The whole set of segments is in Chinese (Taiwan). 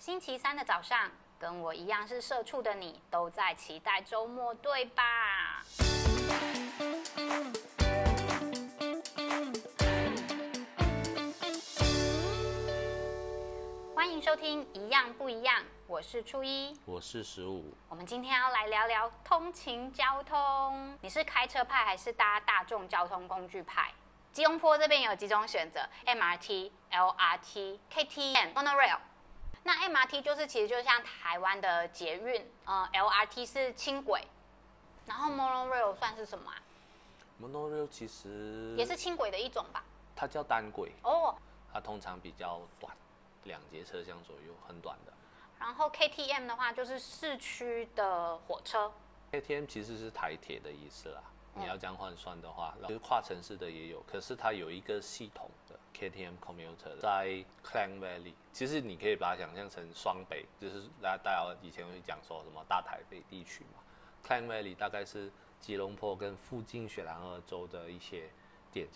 星期三的早上，跟我一樣是社畜的你，都在期待週末，對吧？歡迎收聽《一樣不一樣》，我是初一，我是十五。我們今天要來聊聊通勤交通，你是開車派還是搭大眾交通工具派？吉隆坡這邊有幾種選擇：MRT、LRT、KTM、Monorail。那 M R T 就是其實就像台灣的捷運，呃，L R T 是輕軌，然後 Monorail 算是什麼啊？Monorail 其實也是輕軌的一種吧？它叫單軌哦，oh，它通常比較短，兩節車廂左右，很短的。然後 K T M 的話就是市區的火車，K T M 其實是台鐵的意思啦。你要這樣換算的話，就是、嗯、跨城市的也有，可是它有一個系統的 KTM Commuter 在 Klang Valley，其實你可以把它想象成雙北，就是大家大家以前會講說什麼大台北地區嘛，Klang Valley 大概是吉隆坡跟附近雪蘭莪州的一些點。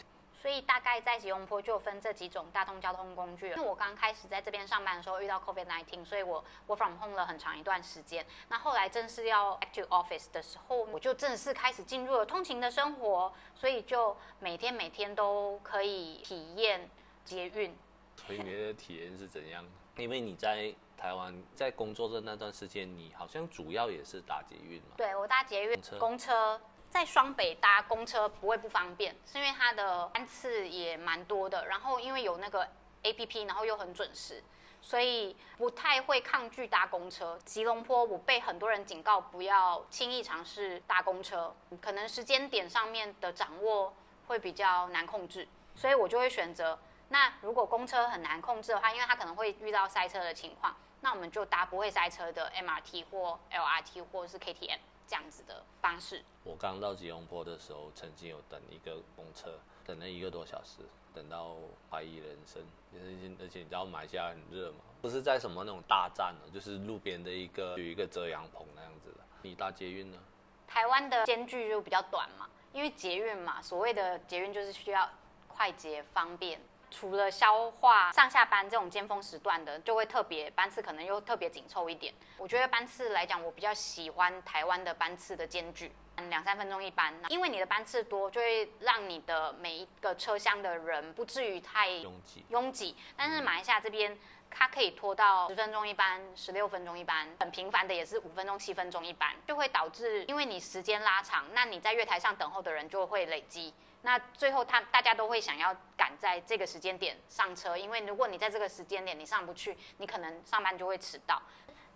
所以大概在吉隆坡就分這幾種大通交通工具。因為我剛開始在這邊上班的時候遇到 COVID-19，所以我我 from home 了很長一段時間。那後來正式要 active office 的時候，我就正式開始進入了通勤的生活，所以就每天每天都可以體驗捷運。所以你的體驗是怎樣？因為你在台灣在工作的那段時間，你好像主要也是打捷運嘛，對？對我搭捷運、公車。公車在雙北搭公車不會不方便，是因為它的班次也蠻多的，然後因為有那個 APP，然後又很準時，所以不太會抗拒搭公車。吉隆坡我被很多人警告不要輕易嘗試搭公車，可能時間點上面的掌握會比較難控制，所以我就會選擇。那如果公車很難控制的話，因為它可能會遇到塞車的情況，那我們就搭不會塞車的 MRT 或 LRT 或是 KTM。這樣子的方式。我剛到吉隆坡的時候，曾經有等一個公車，等了一個多小時，等到懷疑人生，而且而且你知道馬來西亞很熱嘛，不是在什麼那種大站呢、啊，就是路邊的一個有一個遮陽棚那樣子的、啊。你搭捷運呢？台灣的間距就比較短嘛，因為捷運嘛，所謂的捷運就是需要快捷方便。除了消化上下班這種尖峰時段的，就會特別班次可能又特別緊湊一點。我覺得班次來講，我比較喜歡台灣的班次的間距，兩三分鐘一班，啊，因為你的班次多，就會讓你的每一個車廂的人不至於太擁擠。擁擠。但是馬來西亞這邊。它可以拖到十分鐘一班，十六分鐘一班，很頻繁的也是五分鐘、七分鐘一班，就會導致，因為你時間拉長，那你在月台上等候的人就會累積，那最後他大家都會想要趕在這個時間點上車，因為如果你在這個時間點你上不去，你可能上班就會遲到。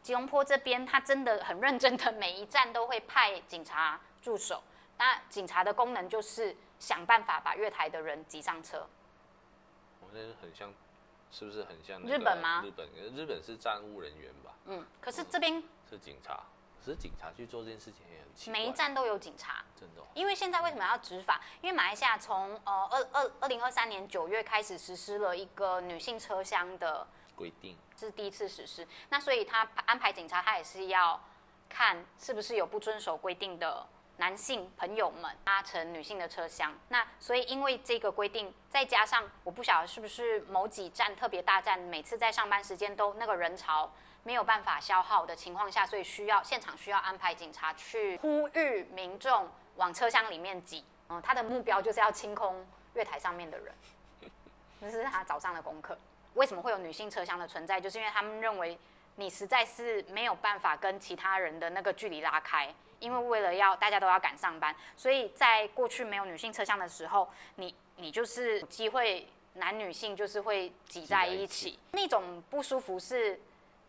吉隆坡這邊他真的很認真的，每一站都會派警察駐守，那警察的功能就是想辦法把月台的人擠上車。我真的很像。是不是很像日本，日本嗎？日本，日本是站務人員吧？嗯，可是這邊、嗯、是警察，可是警察去做這件事情也很奇怪。每一站都有警察，真的、哦。因為現在為什麼要執法？因為馬來西亞從呃二二二零二三年九月開始實施了一個女性車廂的規定，這是第一次實施。那所以他安排警察，他也是要看是不是有不遵守規定的。男性朋友們搭乘女性的車廂，那所以因為這個規定，再加上我不曉得是不是某幾站特別大站，每次在上班時間都那個人潮沒有辦法消耗的情況下，所以需要現場需要安排警察去呼籲民眾往車廂裡面擠，嗯、呃，他的目標就是要清空月台上面的人，這、就是他早上的功課。為什麼會有女性車廂的存在？就是因為他們認為。你實在是沒有辦法跟其他人的那個距離拉開，因為為了要大家都要趕上班，所以在過去沒有女性車廂的時候，你你就是機會男女性就是會擠在一起，一起那種不舒服是，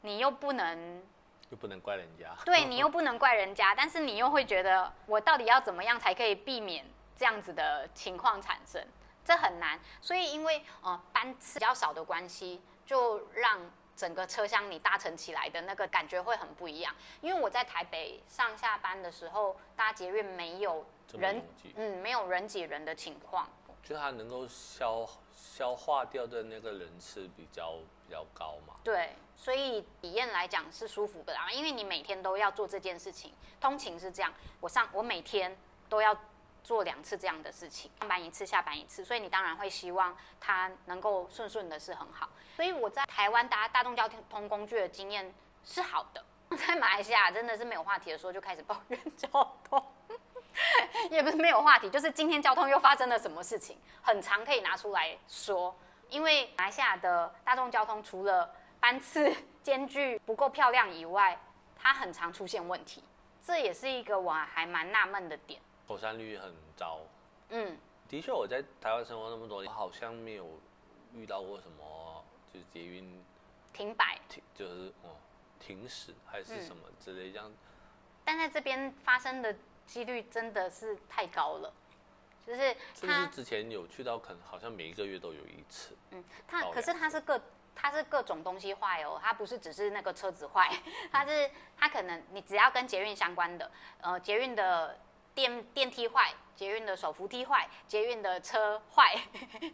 你又不能，又不能怪人家，對你又不能怪人家， 但是你又會覺得我到底要怎麼樣才可以避免這樣子的情況產生，這很難，所以因為呃班次比較少的關係，就讓。整個車廂你搭乘起來的那個感覺會很不一樣，因為我在台北上下班的時候，大捷運沒有人，嗯，沒有人擠人的情況，就它能夠消消化掉的那個人次比較比較高嘛。對，所以體驗來講是舒服的啊，因為你每天都要做這件事情，通勤是這樣，我上我每天都要。做兩次這樣的事情，上班一次，下班一次，所以你當然會希望它能夠順順的是很好。所以我在台灣搭大眾交通工具的經驗是好的，在馬來西亞真的是沒有話題的時候就開始抱怨交通。 也不是沒有話題，就是今天交通又發生了什麼事情，很常可以拿出來說。因為馬來西亞的大眾交通除了班次間距不夠漂亮以外，它很常出現問題，這也是一個我還蠻納悶的點。妥善率很糟，嗯，的確，我在台灣生活那麼多年，好像沒有遇到過什麼就是捷運停擺擺停，就是哦，停駛還是什麼之類這樣，嗯，但在這邊發生的幾率真的是太高了，就是就是之前有去到，可能好像每一個月都有一次，嗯，它可是它是各它是各種東西壞哦，它不是只是那個車子壞，它是，嗯、它可能你只要跟捷運相關的，呃，捷運的。電電梯壞，捷運的手扶梯壞，捷運的車壞，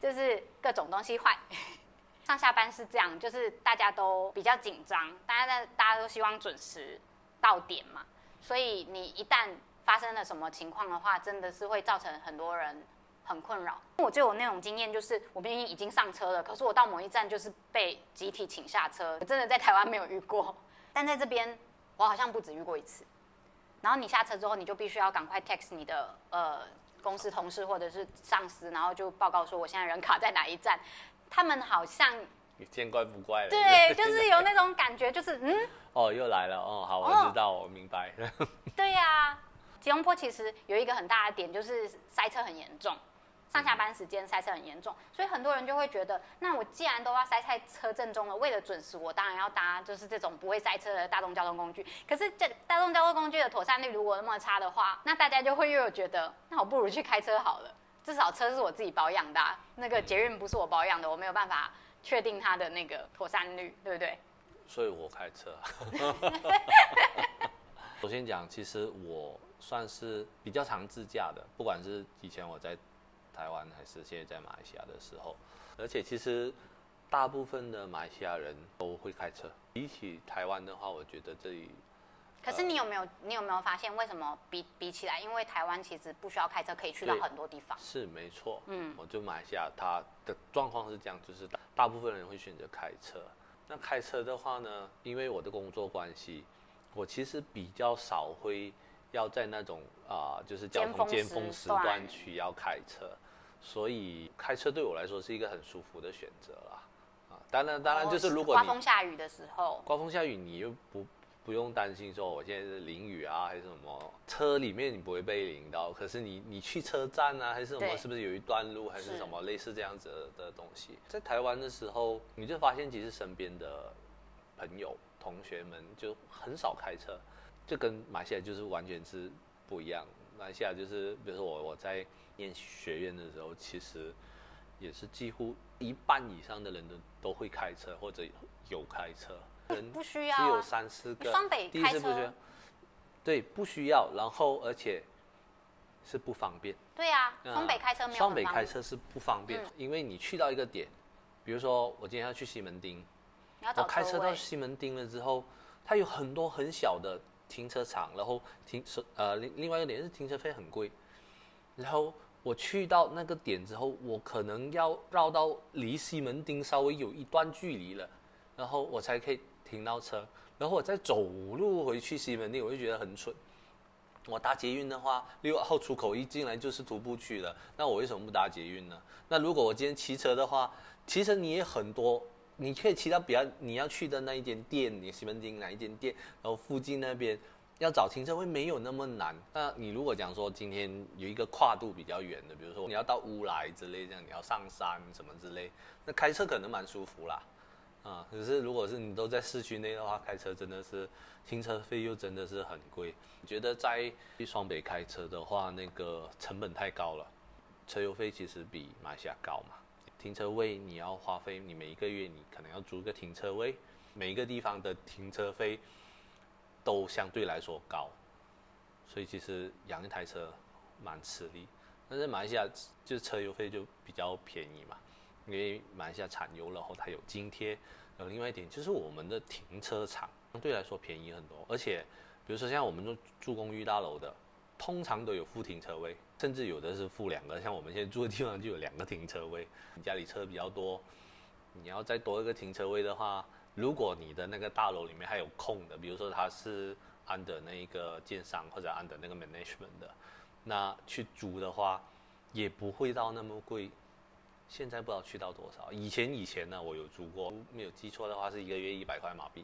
就是各種東西壞。 上下班是這樣，就是大家都比較緊張，大家大家都希望準時到點嘛，所以你一旦發生了什麼情況的話，真的是會造成很多人很困擾。我就有那種經驗，就是我明明已經上車了，可是我到某一站就是被集體請下車，我真的在台灣沒有遇過，但在這邊我好像不止遇過一次。然後你下車之後，你就必須要趕快 text 你的呃公司同事或者是上司，然後就報告說我現在人卡在哪一站。他們好像見怪不怪了，對，對，就是有那種感覺，就是嗯，哦，又來了，哦，好，哦、我知道，我明白。 對呀、啊，吉隆坡其實有一個很大的點，就是塞車很嚴重。上、嗯、下班時間塞車很嚴重，所以很多人就會覺得，那我既然都要塞在車陣中了，為了準時，我當然要搭就是這種不會塞車的大眾交通工具。可是這大眾交通工具的妥善率如果那麼差的話，那大家就會又有覺得，那我不如去開車好了，至少車是我自己保養的、啊，那個捷運不是我保養的，嗯、我沒有辦法確定它的那個妥善率，對不對？所以我開車。 首先講，其實我算是比較常自駕的，不管是以前我在。台灣還是現在在馬來西亞的時候，而且其實大部分的馬來西亞人都會開車。比起台灣的話，我覺得這裡。呃、可是你有沒有你有沒有發現，為什麼比比起來，因為台灣其實不需要開車可以去到很多地方？是沒錯，嗯，我就馬來西亞，它的狀況是這樣，就是大、大部分人會選擇開車。那開車的話呢，因為我的工作關係，我其實比較少會要在那種啊、呃，就是交通尖峰時段去要開車。所以開車對我來說是一個很舒服的選擇啦。啊，當然當然就是如果你、哦、刮風下雨的時候，刮風下雨你又不不用擔心說我現在是淋雨啊還是什麼，車裡面你不會被淋到。可是你你去車站啊還是什麼，對是不是有一段路還是什麼類似這樣子的東西，是在台灣的時候你就發現其實身邊的朋友同學們就很少開車，這跟馬來西亞就是完全是不一樣的。馬來西亞就是，比如說我我在念學院的時候，其實也是幾乎一半以上的人都都會開車或者有開車，人不需要，只有三四個。雙北開車不需要，對，不需要。然後而且是不方便。對啊，雙北開車沒有。雙北開車是不方便，因為你去到一個點，比如說我今天要去西門町，我開車到西門町了之後，它有很多很小的。停車場，然後停車，呃，另另外一個點是停車費很貴。然後我去到那個點之後，我可能要繞到離西門町稍微有一段距離了，然後我才可以停到車。然後我再走路回去西門町，我就覺得很蠢。我搭捷運的話，六號出口一進來就是徒步區了，那我為什麼不搭捷運呢？那如果我今天騎車的話，其實你也很多。你可以騎到比較你要去的那一間店，你西門町哪一間店，然後附近那邊要找停車位沒有那麼難。那你如果講說今天有一個跨度比較遠的，比如說你要到烏來之類這樣，你要上山什麼之類，那開車可能蠻舒服啦，啊、嗯，可是如果是你都在市區內的話，開車真的是停車費又真的是很貴。你覺得在去雙北開車的話，那個成本太高了，車油費其實比馬來西亞高嘛。停車位你要花費，你每一個月你可能要租個停車位，每一個地方的停車費都相對來說高，所以其實養一台車蠻吃力。但是馬來西亞就是車油費就比較便宜嘛，因為馬來西亞產，產油，然後它有津貼。然後另外一點就是我們的停車場相對來說便宜很多，而且比如說像我們住住公寓大樓的。通常都有付停車位，甚至有的是付兩個。像我們現在住的地方就有兩個停車位。你家裡車比較多，你要再多一個停車位的話，如果你的那個大樓裡面還有空的，比如說它是 under 那一個建商或者 under 那個 management 的，那去租的話，也不會到那麼貴。現在不知道去到多少。以前以前呢，我有租過，如沒有記錯的話是一個月一百塊馬幣，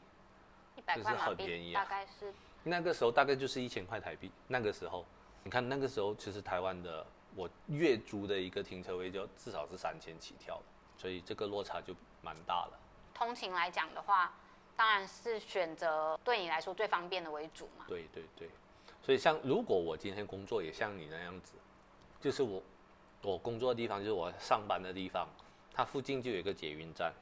一百塊是很便宜啊，大概是。那個時候大概就是一千塊台幣。那個時候，你看那個時候，其實台灣的我月租的一個停車位就至少是三千起跳了，所以這個落差就蠻大了。通勤來講的話，當然是選擇對你來說最方便的為主嘛。對對對，所以像如果我今天工作也像你那樣子，就是我我工作的地方就是我上班的地方，它附近就有一個捷運站，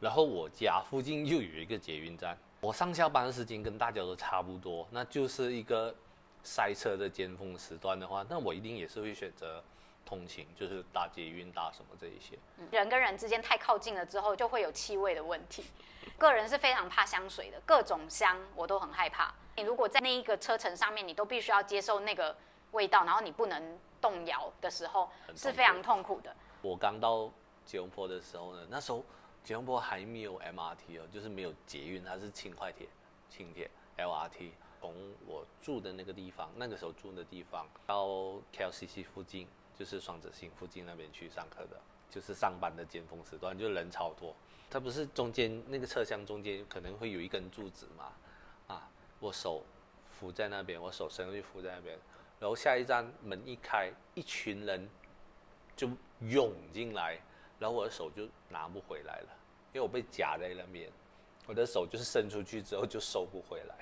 然後我家附近又有一個捷運站。我上下班的時間跟大家都差不多，那就是一個塞車的尖峰時段的話，那我一定也是會選擇通勤，就是打捷運打什麼這一些。人跟人之間太靠近了之後，就會有氣味的問題。個人是非常怕香水的，各種香我都很害怕。你如果在那一個車程上面，你都必須要接受那個味道，然後你不能動搖的時候，是非常痛苦的。我剛到吉隆坡的時候呢，那時候。吉隆坡還沒有 M R T 哦，就是沒有捷運，它是輕快鐵、輕鐵 L R T，從我住的那個地方，那個時候住的地方到 K L C C 附近，就是雙子星附近那邊去上課的，就是上班的尖峰時段，就人超多。它不是中間那個車廂中間可能會有一根柱子嘛？啊，我手扶在那邊，我手伸出去扶在那邊，然後下一站門一開，一群人就湧進來，然後我的手就拿不回來了。因為我被夾在那邊，我的手就是伸出去之後就收不回來，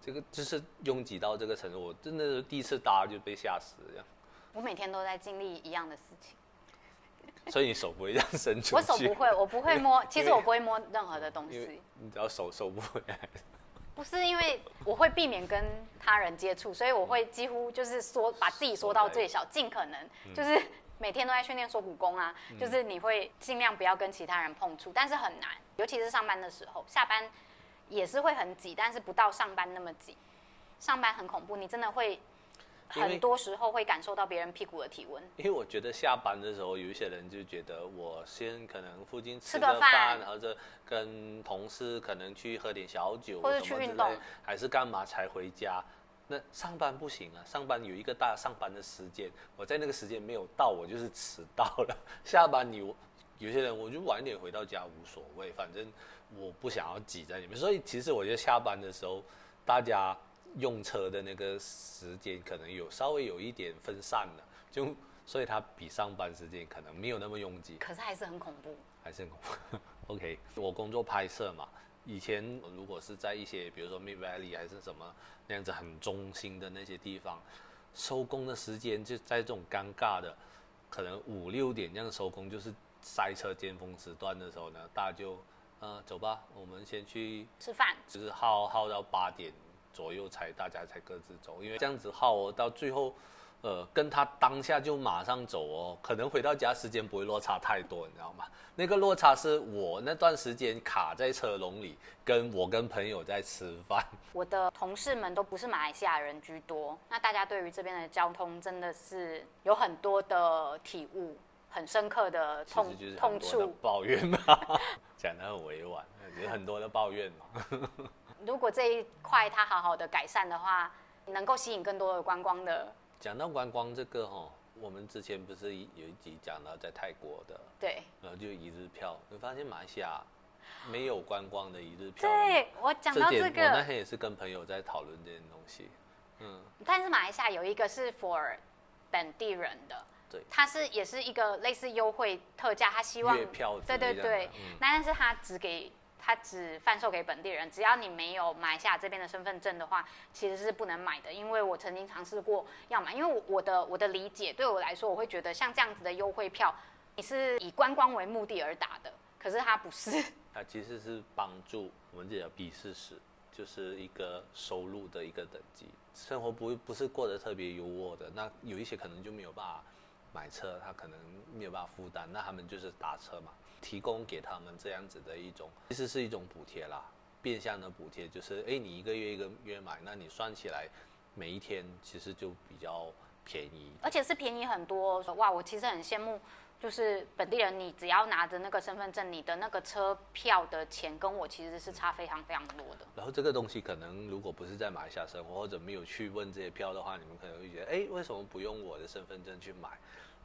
這個就是擁擠到這個程度，我真的第一次搭就被嚇死這樣。我每天都在經歷一樣的事情，所以你手不會這樣伸出去。 我手不會，我不會摸，為其實我不會摸任何的東西。你只要手收不回來，不是因為我會避免跟他人接觸，所以我會幾乎就是說、嗯、把自己縮到最小，盡可能就是。嗯每天都在訓練說古功啊，嗯、就是你會盡量不要跟其他人碰觸，但是很難，尤其是上班的時候，下班也是會很擠，但是不到上班那麼擠。上班很恐怖，你真的會很多時候會感受到別人屁股的體溫。因為我覺得下班的時候，有一些人就覺得我先可能附近吃個飯，或就跟同事可能去喝點小酒，或者去運動什麼之類，還是幹嘛才回家。那上班不行啊，上班有一個大上班的時間，我在那個時間沒有到，我就是遲到了。下班你，有些人我就晚一點回到家無所謂，反正我不想要擠在裡面。所以其實我覺得下班的時候，大家用車的那個時間可能有稍微有一點分散了，就所以它比上班時間可能沒有那麼擁擠。可是還是很恐怖，還是很恐怖。 OK，我工作拍攝嘛。以前如果是在一些，比如說 Mid Valley 還是什麼那樣子很中心的那些地方，收工的時間就在這種尷尬的，可能五六點這樣收工，就是塞車尖峰時段的時候呢，大家就，嗯、呃，走吧，我們先去吃飯，就是耗耗到八點左右才大家才各自走，因為這樣子耗到最後。呃，跟他當下就馬上走哦，可能回到家時間不會落差太多，你知道嗎？那個落差是我那段時間卡在車龍裡，跟我跟朋友在吃飯。我的同事們都不是馬來西亞人居多，那大家對於這邊的交通真的是有很多的體悟，很深刻的痛痛處抱怨嗎？講 得很委婉，有很多的抱怨嘛。 如果這一塊它好好的改善的話，能夠吸引更多的觀光的。講到觀光這個哦，我們之前不是一有一集講到在泰國的，對，然後就一日票，你發現馬來西亞沒有觀光的一日票。對，我講到這個，這我那天也是跟朋友在討論這件東西，嗯，但是馬來西亞有一個是 for 本地人的，對，它是也是一個類似優惠特價，他希望月票，對對對，那，嗯，但是他只給。他只販售給本地人，只要你沒有馬來西亞這邊的身份證的話，其實是不能買的。因為我曾經嘗試過要買，因為我我的我的理解對我來說，我會覺得像這樣子的優惠票，你是以觀光為目的而打的，可是它不是。它其實是幫助我們這個 B40，就是一個收入的一個等級，生活不不是過得特別優渥的，那有一些可能就沒有辦法買車，他可能沒有辦法負擔，那他們就是打車嘛。提供給他們這樣子的一種，其實是一種補貼啦，變相的補貼就是，哎，你一個月一個月買，那你算起來，每一天其實就比較便宜，而且是便宜很多，哦。說哇，我其實很羨慕，就是本地人，你只要拿着那個身份證，你的那個車票的錢跟我其實是差非常非常多的。然後這個東西可能如果不是在馬來西亞生活，或者沒有去問這些票的話，你們可能會覺得，哎，為什麼不用我的身份證去買？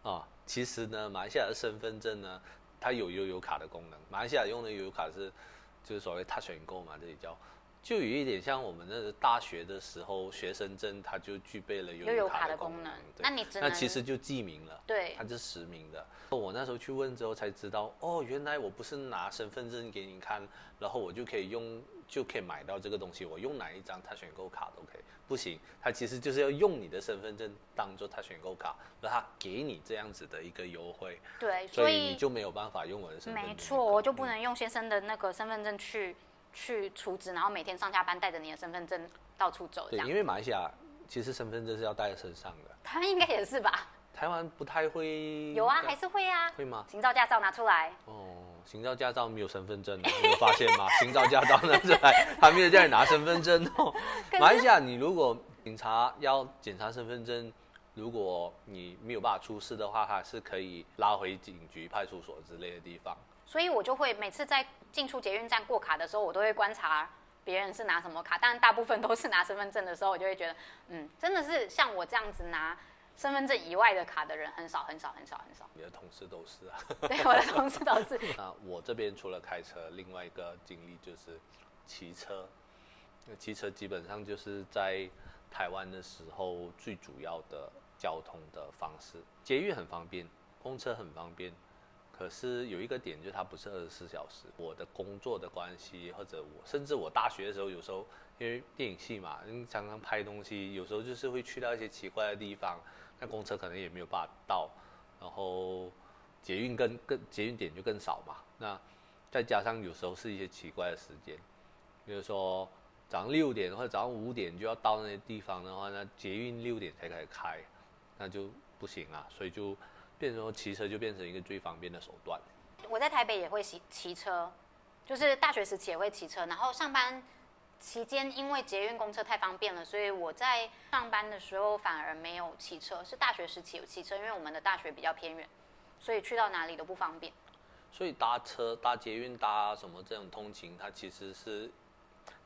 啊、哦，其實呢，馬來西亞的身份證呢。它有悠遊卡的功能，馬來西亞用的悠遊卡是，就是所謂 Touch 'n Go 嘛，這裡叫，就有一點像我們那個大學的時候學生證，它就具備了悠遊卡的功能。功能對那你那其實就記名了，對，它是實名的。對我那時候去問之後才知道，哦，原來我不是拿身份證給你看，然後我就可以用。就可以買到這個東西。我用哪一張他選購卡都可以，不行，他其實就是要用你的身份證當做他選購卡，而他給你這樣子的一個優惠。對，所以，所以你就沒有辦法用我的身份證。沒錯，我就不能用先生的那個身份證去去儲值，然後每天上下班帶着你的身份證到處走這樣。因為馬來西亞其實身份證是要帶在身上的。台灣應該也是吧？台灣不太會，有啊，還是會啊，會嗎？行照駕照拿出來。哦。行照駕照沒有身份證，你有發現嗎？ 行照駕照那是來，還沒有叫你拿身份證哦。可能 馬來西亞，你如果警察要檢查身份證，如果你沒有辦法出示的話，他是可以拉回警局、派出所之類的地方。所以我就會每次在進出捷運站過卡的時候，我都會觀察別人是拿什麼卡，但大部分都是拿身份證的時候，我就會覺得，嗯，真的是像我這樣子拿身份證以外的卡的人很少，很少，很少，很少。你的同事都是啊？對，我的同事都是。 那我這邊除了開車，另外一個經歷就是騎車。騎車基本上就是在台灣的時候最主要的交通的方式，捷運很方便，公車很方便。可是有一個點就是它不是二十四小時。我的工作的關係，或者我甚至我大學的時候，有時候因為電影系嘛，因為常常拍東西，有時候就是會去到一些奇怪的地方。那公車可能也沒有辦法到，然後捷運更更捷運點就更少嘛。那再加上有時候是一些奇怪的時間，比如說早上六點或者早上五點就要到那些地方的話，那捷運六點才可以開，那就不行啦。所以就變成說騎車就變成一個最方便的手段。我在台北也會騎騎車，就是大學時期也會騎車，然後上班。期間因為捷運公車太方便了，所以我在上班的時候反而沒有騎車，是大學時期有騎車，因為我們的大學比較偏遠，所以去到哪裡都不方便。所以搭車、搭捷運、搭什麼這種通勤，它其實是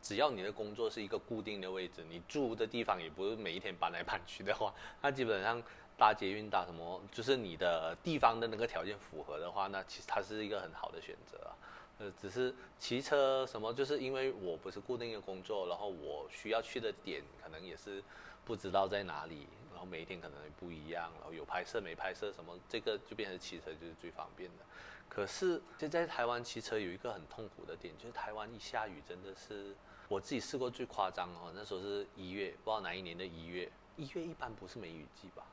只要你的工作是一個固定的位置，你住的地方也不是每一天搬來搬去的話，那基本上搭捷運搭什麼，就是你的地方的那個條件符合的話，那其實它是一個很好的選擇啊。只是騎車什麼，就是因為我不是固定的工作，然後我需要去的點可能也是不知道在哪裡，然後每一天可能也不一樣，然後有拍攝沒拍攝什麼，這個就變成騎車就是最方便的。可是就在台灣騎車有一個很痛苦的點，就是台灣一下雨真的是，我自己試過最誇張的哦，那時候是一月，不知道哪一年的一月，一月一般不是梅雨季吧？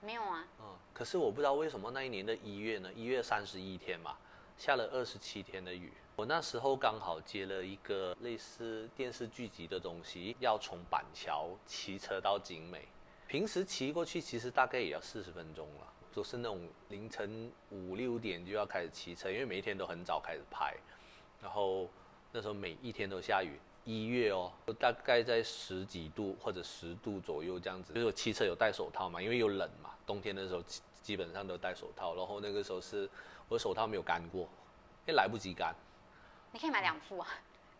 沒有啊。嗯，可是我不知道為什麼那一年的一月呢？一月三十一天嘛。下了二十七天的雨，我那時候剛好接了一個類似電視劇集的東西，要從板橋騎車到景美。平時騎過去其實大概也要四十分鐘了，就是那種凌晨五六點就要開始騎車，因為每一天都很早開始拍。然後那時候每一天都下雨，一月哦，大概在十幾度或者十度左右這樣子。因為我騎車有戴手套嘛，因為又冷嘛，冬天的時候基基本上都戴手套。然後那個時候是。我手套沒有乾過，也來不及乾。你可以買兩副啊，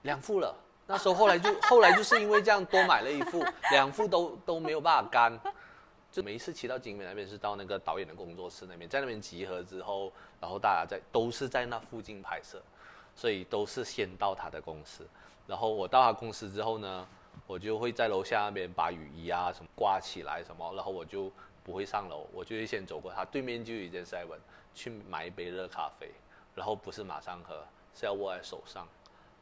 兩副了。那時候後來就後來就是因為這樣多買了一副， 兩副都都沒有辦法乾。就每一次騎到景美那邊是到那個導演的工作室那邊，在那邊集合之後，然後大家在都是在那附近拍攝，所以都是先到他的公司。然後我到他公司之後呢，我就會在樓下那邊把雨衣啊什麼掛起來什麼，然後我就。不會上樓，我就先走過他，他對面就有一家 seven，去買一杯熱咖啡，然後不是馬上喝，是要握在手上，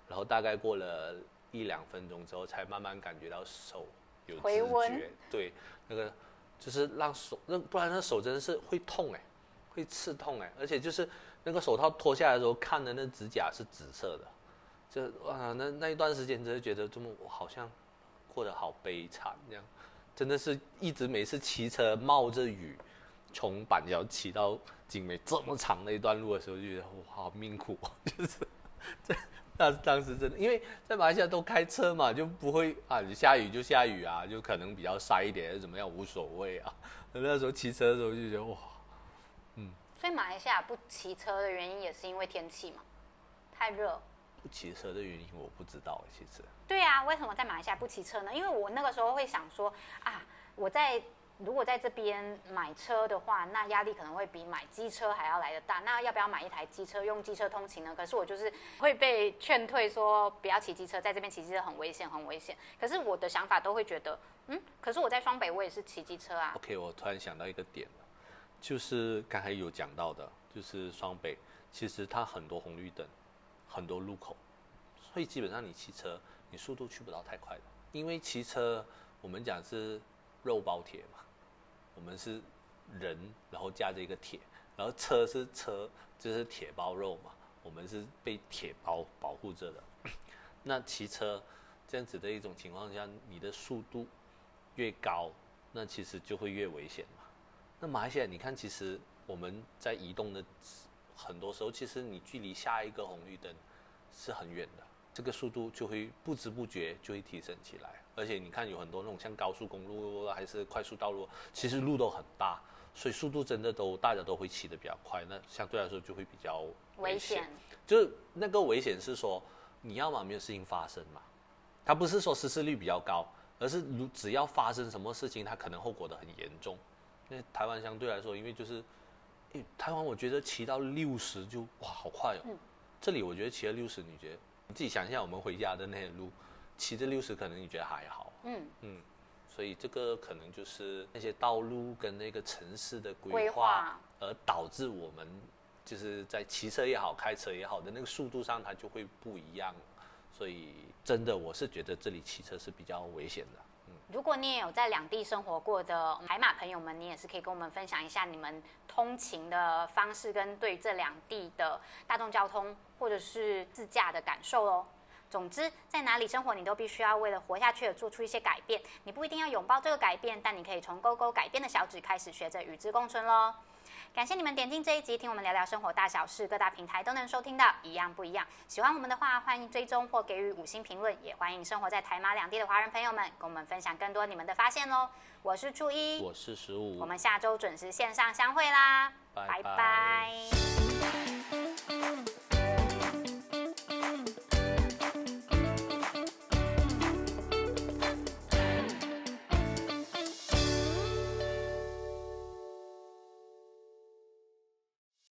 然後大概過了一兩分鐘之後，才慢慢感覺到手有回覺，回溫對，那個就是讓手，那不然那手真的是會痛哎、欸，會刺痛哎、欸，而且就是那個手套脫下來的時候，看的那指甲是紫色的，就哇，那那一段時間真的覺得這麼好像過得好悲慘這樣。真的是一直每次騎車冒着雨，從板橋騎到景美這麼長的一段路的時候，就覺得哇，好命苦哦，就是，那當時真的，因為在馬來西亞都開車嘛，就不會啊，你下雨就下雨啊，就可能比較塞一點，怎麼樣無所謂啊。那時候騎車的時候就覺得哇，嗯，所以馬來西亞不騎車的原因也是因為天氣嘛，太熱。騎車的原因我不知道，其實。對啊，為什麼在馬來西亞不騎車呢？因為我那個時候會想說啊，我在如果在這邊買車的話，那壓力可能會比買機車還要來得大。那要不要買一台機車，用機車通勤呢？可是我就是會被勸退，說不要騎機車，在這邊騎機車很危險，很危險。可是我的想法都會覺得，嗯，可是我在雙北我也是騎機車啊。OK，我突然想到一個點了，就是剛才有講到的，就是雙北其實它很多紅綠燈。很多路口，所以基本上你騎車，你速度去不到太快的，因為騎車我們講是肉包鐵嘛，我們是人，然後架着一個鐵，然後車是車，就是鐵包肉嘛，我們是被鐵包保護着的。那騎車這樣子的一種情況下，你的速度越高，那其實就會越危險嘛。那馬來西亞，你看其實我們在移動的。很多時候，其實你距離下一個紅綠燈是很遠的，這個速度就會不知不覺就會提升起來。而且你看，有很多那種像高速公路還是快速道路，其實路都很大，所以速度真的都大家都會騎得比較快，那相對來說就會比較危險。危險就是那個危險是說，你要麼沒有事情發生嘛，它不是說失事率比較高，而是如只要發生什麼事情，它可能後果都很嚴重。那台灣相對來說，因為就是。哎，台灣我覺得騎到六十就哇，好快哦。嗯，這裡我覺得騎了六十，你覺得你自己想一下，我們回家的那些路，騎着六十可能你覺得還好。嗯嗯，所以這個可能就是那些道路跟那個城市的規劃，而導致我們就是在騎車也好、開車也好的那個速度上，它就會不一樣。所以真的，我是覺得這裡騎車是比較危險的。如果你也有在兩地生活過的海馬朋友們，你也是可以跟我們分享一下你們通勤的方式，跟對這兩地的大眾交通或者是自駕的感受嘍。總之，在哪裡生活，你都必須要為了活下去而做出一些改變。你不一定要擁抱這個改變，但你可以從勾勾改變的小指開始，學着與之共存嘍。感謝你們點進這一集，聽我們聊聊生活大小事。各大平台都能收聽到，一樣不一樣。喜歡我們的話，歡迎追蹤或給予五星評論，也歡迎生活在台馬兩地的華人朋友們，跟我們分享更多你們的發現哦。我是初一，我是十五，我們下週準時線上相會啦，拜拜。拜拜拜拜。